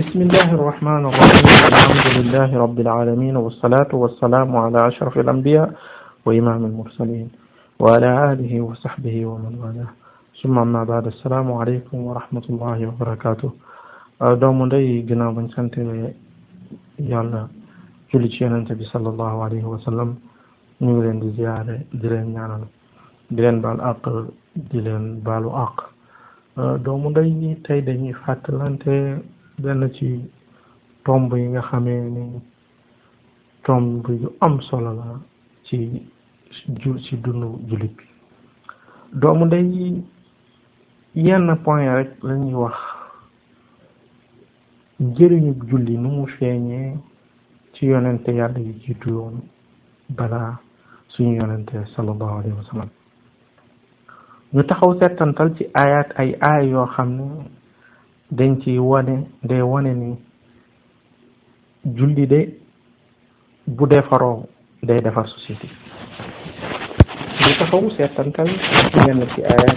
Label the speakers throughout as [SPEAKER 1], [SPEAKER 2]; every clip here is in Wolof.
[SPEAKER 1] بسم الله الرحمن الرحيم الحمد لله رب العالمين والصلاة والسلام على أشرف الأنبياء وإمام المرسلين وعلى آله وصحبه ومن والاه ثم أما بعد السلام عليكم ورحمة الله وبركاته doomu ndey ginnaaw bañ sant yàlla julli ci yonent bi sallallahu alayhi wa sallam ñu ngi leen di ziyaare di leen ñaanal di leen baal àq di leen baalu àq ah, doomu ndey tey dañuy fàttalante benn ci tomb yi nga xamee ni tomb yu am solo la ci ju ci dundu jullit doomu ndey yenn point rek lañuy wax njëriñu julli nu feeñee ci yonente yàlla yi jiitu yoon bala suñu yonente sallallahu alayhi wa sallam ñu taxaw settantal ci ayat ay aay yoo xam ne dañ ci wane day wane ni julli de bu defaroo day defar société li taxaw seetantal ñenn ci ayat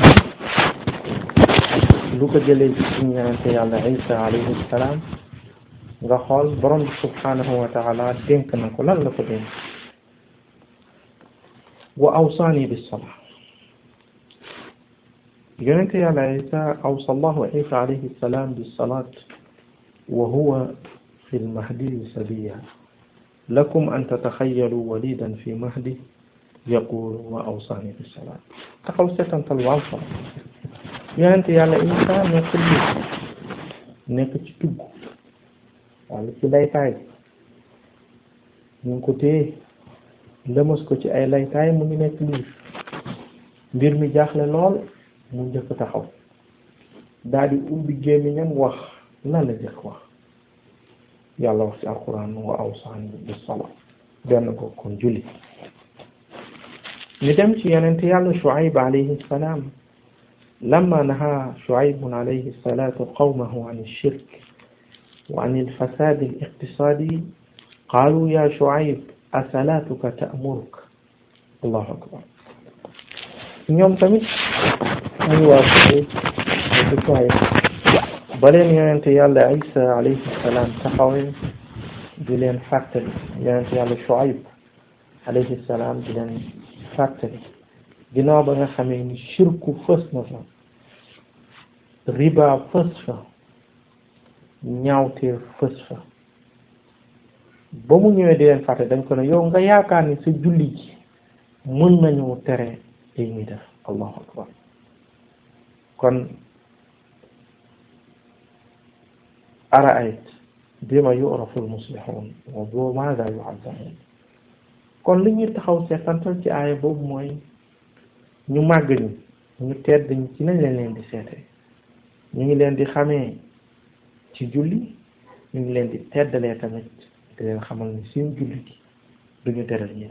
[SPEAKER 1] yi lu ko jëlee ci suñu yonente yàlla isa alayhi salaam nga xool borom bi dénk na ko lan la ko dénk wa awsaani bis salaa yonente yàlla Isa awsa allahu Isa alayhi salaam bi salaat wa huwa fi lmahdiyi sabiya lakum an tataxayalu walidan fi mahdi yaqulu wa awsaani bi salaat taxaw seetantal waal fa
[SPEAKER 2] yonente yàlla Isa nekk li
[SPEAKER 1] nekk ci tugg walla ci laytaay ñu ngi ko téye lëmas ko ci ay laytaay mu ngi nekk liir mbir mi jaaxle lool mu njëkk taxaw daal di ubbi gémmiñam wax lan la njëkk wax yàlla wax ci alquran wa awsaani bis sala benn ko kon julli ñu dem ci yonent yàlla Shuayb alayhi salaam lamma naha Shuaybun alayhi salaatu qawmahu an ash-shirk wa an al-fasaad al-iqtisaadi qaalu ya Shuayb asalaatuka ta'muruka allahu akbar ñoom tamit ñu waa Quraysh di Shuayb ba leen yàlla Isa alayhi salaam taxawee di leen fàttali yonente yàlla Shuayb alayhi salaam di leen fàttali ginnaaw ba nga xamee ni shirku fës na fa riba fës fa ñaawteef fës fa ba mu ñëwee di leen fàtte dañ ko ne yow nga yaakaar ni sa julli ji mën nañu tere ay ñuy def kon araayt bima yurafu almuslihun wa bu maada yuazzamun kon li ñuy taxaw seetantal ci aaya boobu mooy ñu màgg ñi ñu tedd ñi ci nañ leen leen di seete ñu ngi leen di xamee ci julli ñu ngi leen di teddalee tamit di leen xamal ni seen julli gi duñu teral ñi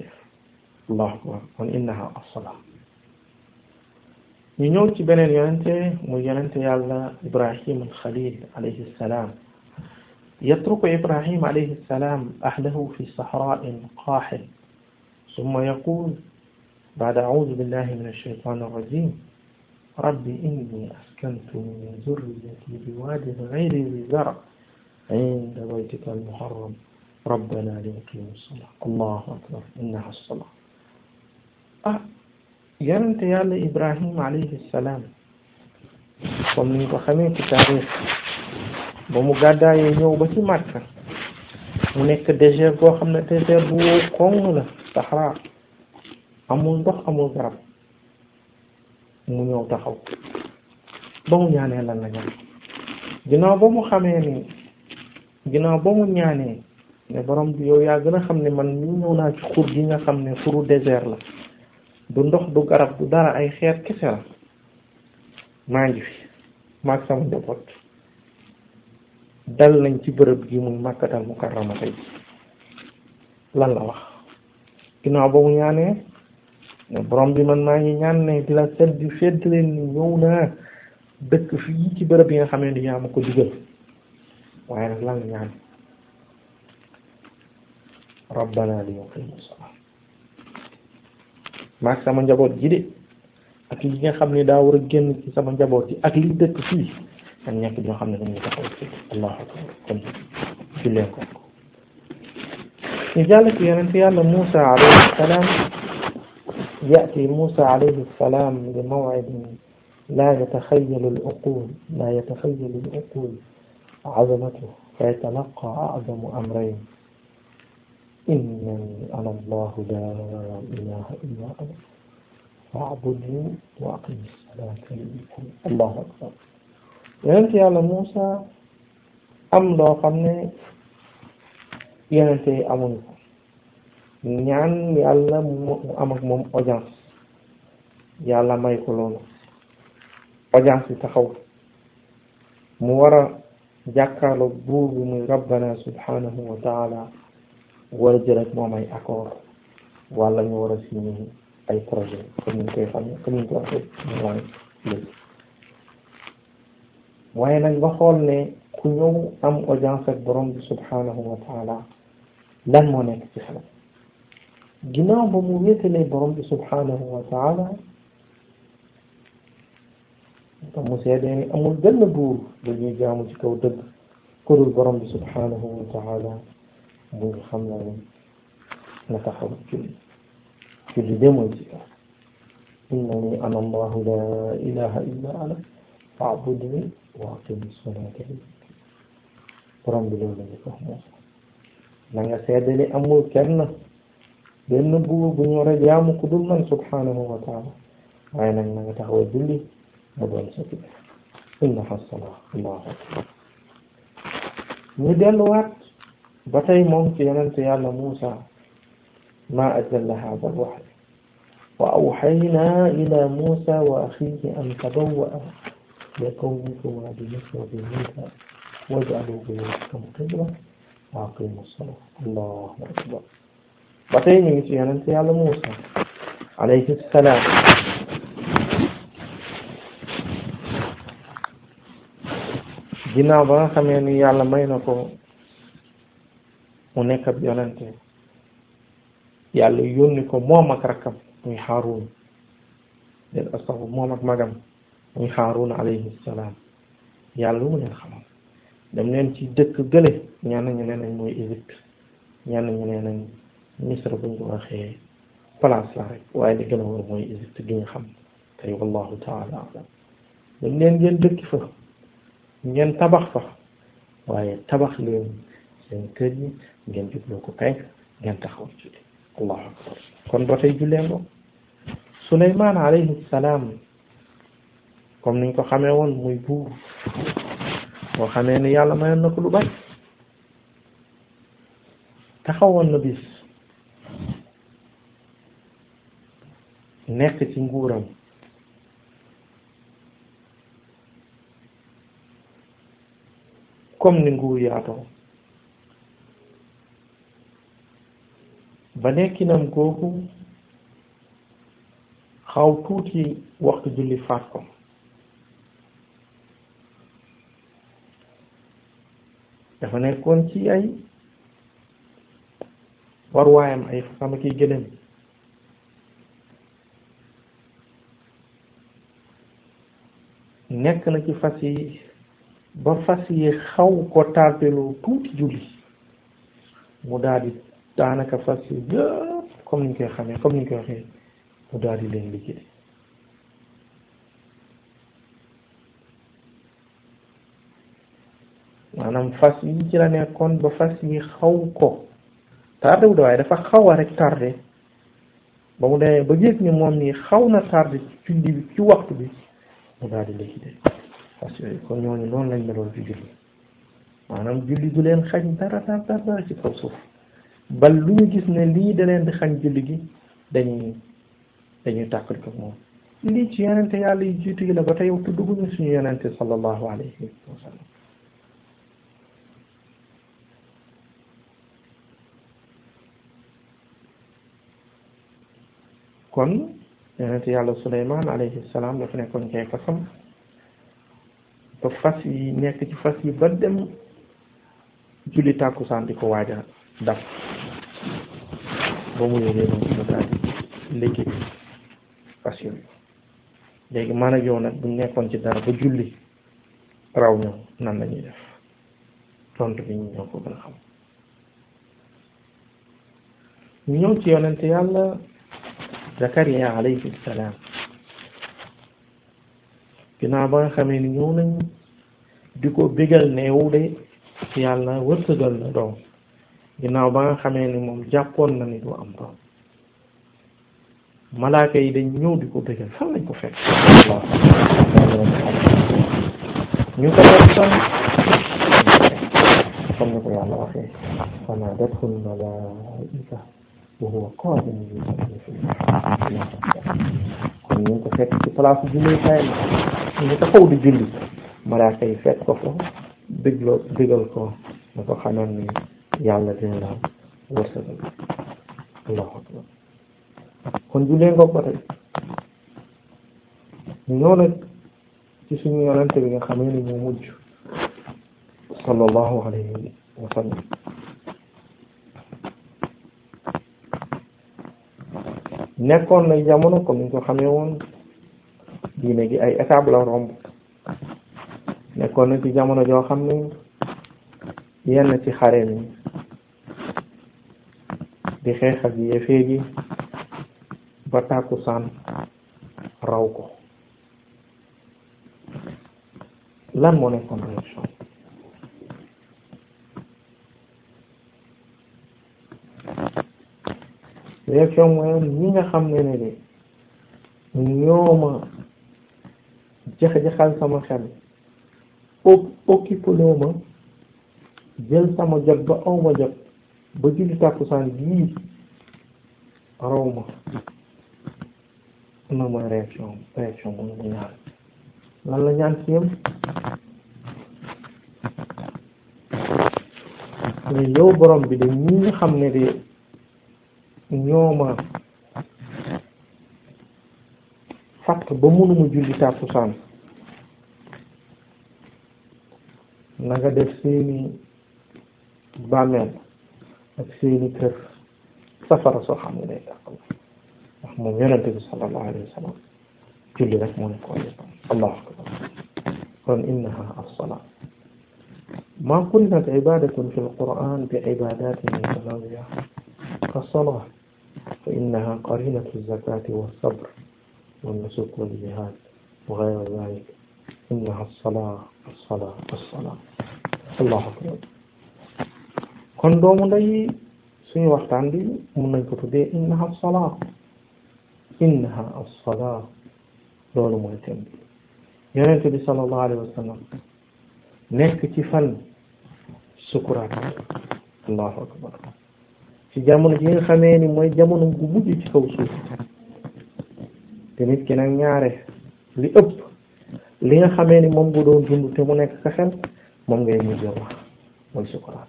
[SPEAKER 1] allahu akbar kon innaha as-salaa ñu ñëw ci beneen yonente muy yonente yàlla ibrahim alxalil alayhi salaam yatruku ibrahim alayhi salaam ahlahu fi sahrain qaaxil summa yaqul بعد أعوذ بالله من الشيطان الرجيم رب إني أسكنت من ذريتي بواد غير ذي زرع عند بيتك المحرم ربنا ليقيموا الصلاة الله أكبر إنها الصلاة yonent yàlla ibrahim alayhi salaam comme ni ñu ko xamee ci ba mu gàddaayee ñëw ba ci Makka mu nekk désert boo xam ne désert bu wow koŋ la saxaraa amul ndox amul garab mu ñëw taxaw ba mu ñaanee lan la ñaan ginnaaw ba mu xamee ni ginnaaw ba mu ñaanee ne borom bi yow yaa gën a xam ne man ñu ñëw naa ci xur gi nga xam ne xuru désert la du ndox du garab du dara ay xeer kese la maa ngi fi maag sama njaboot dal nañ ci bërëb gi muy Makkatal Mukarrama lan la wax ginnaaw ba mu ñaanee borom bi man maa ngi ñaan ne di la sedd di fedd leen ni naa dëkk fii ci bërëb yi nga xam ne yaa ma ko digal waaye nag lan ñaan rabbana li yuqimu salaat maag sama njaboot ji de ak li nga xam ne daa war a génn ci sama njaboot yi ak li dëkk fii dañ nekk ñoo xam ne dañuy taxaw ci allahu akbar kon julleen ko ñu jàll ci yonent yàlla Muusa alayhi salaam ya'ti Muusa alayhi salaam li maw'idin laa yataxayyalu al-uquul laa yataxayyalu al-uquul 'azamatahu fa yatalaqqa a'zamu amrayn إنني أنا الله لا إله إلا أنا فاعبدني وأقم الصلاة لله الله أكبر yonent yàlla Muusa am loo xam ne yonent yi amuñu ko ñaan yàlla mu am moom audience yàlla may ko loolu audience bi taxaw mu war a jàkkaarloo buur muy rabbana subhanahu wa taala war a jël rek moom ay accord wala ñu war ay projet comme ñu koy xamee comme ñu ko waxee mooy waaye nag nga xool ne ku ñëw am audience ak borom bi wa taala lan moo nekk ci xelam ginnaaw ba mu wéetalee borom bi subhanahu wa taala mu seedee ni amul benn buur dañuy jaamu ci kaw dëgg ku dul borom bi subhanahu wa taala donc xam naa ne na taxaw julli julli de mooy ci kaw innani ana allahu la ilaha illa ana faabudni wa aqimi salaata borom bi loolu lañu ko moom na nga seddali amul kenn benn buur bu ñu war a ku dul man subhanahu wa taala waaye na nga taxaw julli mu doon sa innaha salaa allahu akbar ñu delluwaat ba tey moom ci yonente yàlla Muusa maa ajalla haada alwahy wa awxaynaa ilaa Muusa wa axiihi an tabawwa'a لقومكما بمصر بيوتا واجعلوا بيوتكم قبلة وأقيموا الصلاة الله أكبر بعدين يجي أنت على موسى عليه السلام ginnaaw ba nga xamee ni yàlla may na ko mu nekk ab yonente yàlla yónni ko moom ak rakkam muy xaaruun leen astaxu moom magam muy xaaruun alayhi salaam yàlla lu mu leen xamal dem leen ci dëkk gële ñaan nañu nee nañ mooy Égypte ñaan nañu nee nañ Misra buñ ko waxee place la waaye li gën a wóor mooy Égypte gi xam tey wallahu taala alam dem leen ngeen dëkki fa ngeen tabax fa waaye tabax leen seen kër ngeen jubloo ko penk ngeen taxaw julli allahu akbar kon ba tey jullee ngo Suleymaan alayhi salaam comme niñ ko xamee woon muy buur boo xamee ni yàlla mayoon na ko lu bari taxawoon na bis nekk ci nguuram comme ni nguur ba nekkinam googu xaw tuuti waxtu julli faat ko dafa nekkoon ci ay warwaayam ay fasama kiy gëléem nekk na ci fas yi ba fas yi xaw ko tarteloo tuuti julli mu daal daanaka fas yi yëpp comme ni ñu koy xamee comme ñu koy waxee mu daal di leen liggéey maanaam fas yi ci la nekkoon ba fas yi xaw ko tardé waaye dafa xaw a rek tardé ba mu demee ba gis ni moom nii xaw na tardé ci julli bi ci waxtu bi mu daal di liggéey fas yooyu kon ñooñu noonu lañ meloon ci julli maanaam julli du leen xañ dara dara dara ci kaw suuf. ba lu ñu gis ne lii da leen di xañ julli gi dañuy dañuy tàqali ko moom lii ci yonente yàlla yu jiitu yi la ba tey waxtu dugguñu suñu yonente sallallahu alayhi wa sallam kon yonente yàlla suleyman alayhi salaam dafa nekkoon cay fas yi nekk ci fas yi ba dem julli tàkkusaan di ko waaja daf ba mu yore moom mu daal di liggéey fas yooyu léegi man ak yow nag bu nekkoon ci dara ba julli raw ñoom nan la def tontu bi ñu ñoo ko gën a xam ñu ñëw ci yonent yàlla Zakariya alayhi salaam ginnaaw ba nga xamee ni ñëw nañ di ko bégal ne yow de yàlla wërsëgal na doom ginnaaw ba nga xamee ni moom jàppoon na ni du am doom malaaka yi dañ ñëw di ko bëggal fan lañ ko fekk ñu ko doon san comme ni ko yàlla ñu ko fekk ci place jullikaay ñu ngi taxaw di julli malaaka yi fekk ko fa dégloo ko na ko xamal ni yàlla dina la wërsëgal allahu kon jullee nga ko tey ñoo nag ci suñu yonente bi nga xamee ni moo mujj sallallahu alayhi wa sallam nekkoon na jamono comme ni ñu ko xamee woon diine gi ay étape la romb nekkoon na ci jamono joo xam ne yenn ci xare mi di xeex ak yéefee ji ba raw ko lan moo nekkoon réaction réaction mooy ñi nga xam ne ne de ñooma jax-jaxal sama xel o occupé loo ma jël sama jot ba awma jot ba julli tàkkusaan gii raw ma na mooy réaction réaction bu mu ñaan lan la ñaan ci yam mais yow borom bi de ñi nga xam ne de ñooma fàtt ba mënuma julli tàkkusaan na nga def seeni bàmmeel ak seeni kër safara soo xam ne day dàqal ndax moom yonente bi sallallahu alayhi wa sallam julli rek moo ñu ko yëppam allahu akbar kon innaha as-salaa ma qurinat ibadatun fi al-Qur'an bi ibadatin mutanawiya ka-s-salaa fa innaha qarinatu az-zakati was-sabr wan-nusuk wal-jihad wa ghayru dhalik innaha as-salaa as-salaa as-salaa allahu akbar kon doomu nday suñu waxtaan bi mu nañ ko tuddee innaha as-salaa innaha as mooy tem bi yonent bi sallallahu alayhi wa sallam nekk ci fan sukuraat allahu akbar ci jamono ji nga xamee ni mooy jamono gu mujj ci kaw suuf te nit ñaare li ëpp li nga xamee ni moom bu doon dund te mu nekk sa xel moom ngay mujj wax mooy sukuraat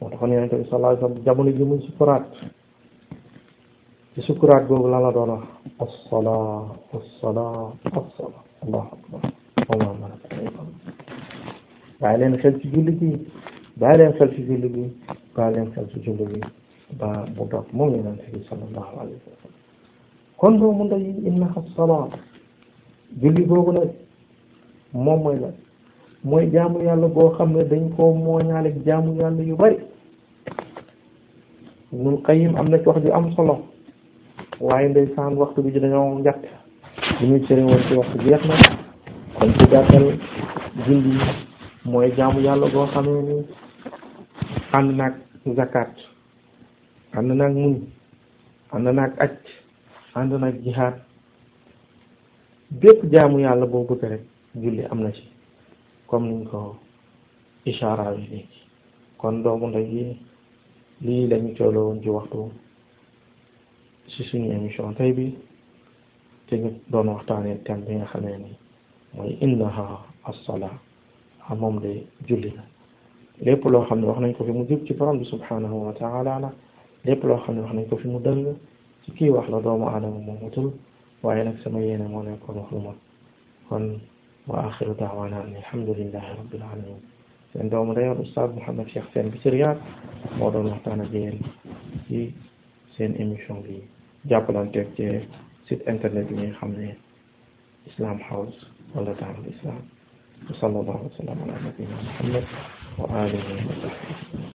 [SPEAKER 1] moo taxoon yonent bi sallallahu alayhi wasallam jamono ji muy sukuraat ci sukuraat boobu lan la doon wax as-salaa as-salaa as-salaa allahu akbar allahu akbar bàyyi leen xel ci julli gi bàyyi leen xel ci julli gi bàyyi leen xel ci julli gi ba mu doog moom yonent bi sallallahu alayhi wasallam kon doomu ndey inna as-salaa julli googu nag moom mooy la mooy jaamu yàlla boo xam ne dañ koo mooñaaleeg jaamu yàlla yu bari Ibnul Qayyim am na ci wax ju am solo waaye ndeysaan waxtu bi dañoo njàtt li ñu cëre woon ci waxtu jeex na kon ci gàttal julli mooy jaamu yàlla boo xamee ni ànd naag zakat ànd naag muñ ànd naag aj ànd naag jihaad bépp jaamu yàlla boo bëgg rek julli am na ci comme niñ ko ishaara yi nii kon doomu ndey lii lañu cooloo woon ci waxtu ci suñu émission tay bi te ñu doon waxtaanee thème bi nga xamee ni mooy innaha as a ah, moom de julli na loo xam ne wax nañ ko fi mu jub ci borom bi subhanahu wa la lépp loo xam ne wax nañ ko fi mu dëng ci kii wax la doomu aadama moom matul waaye nag sama yéene moo nekkoon ko lu kon wa axiru daawaana an alhamdulillahi rabbil alamin seen doomu day Oustaz Mouhamed Cheikh Sène bi ci Riyad moo doon waxtaan ak yéen ci seen émission bi jàppalanteeg ci site internet bi nga xam ne Islam House wala Daarul Islam wa sallallahu wa sallam ala nabiyina Muhammad wa alihi wa sahbihi